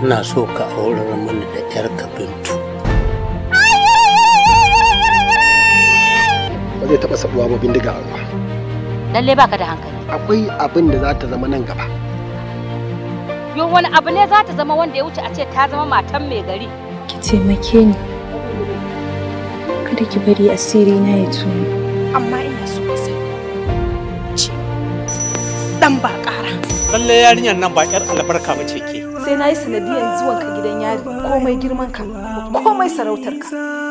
na so ka aurar mani da 'yar kabintu ba zai taɓa sabuwa ba bindiga a lalle baka da hankali akwai abin da za ta zama nan gaba yo wani abu ne za ta zama wanda ya wuce a ce ta zama matan mai gari ki taimake ni kada ki bari asiri na ya tuni amma ina so ka sani dan baka lalle yarinyar nan ba yar albarka ba ce ke sai na yi zuwan ka gidan yari komai girman ka komai sarautar ka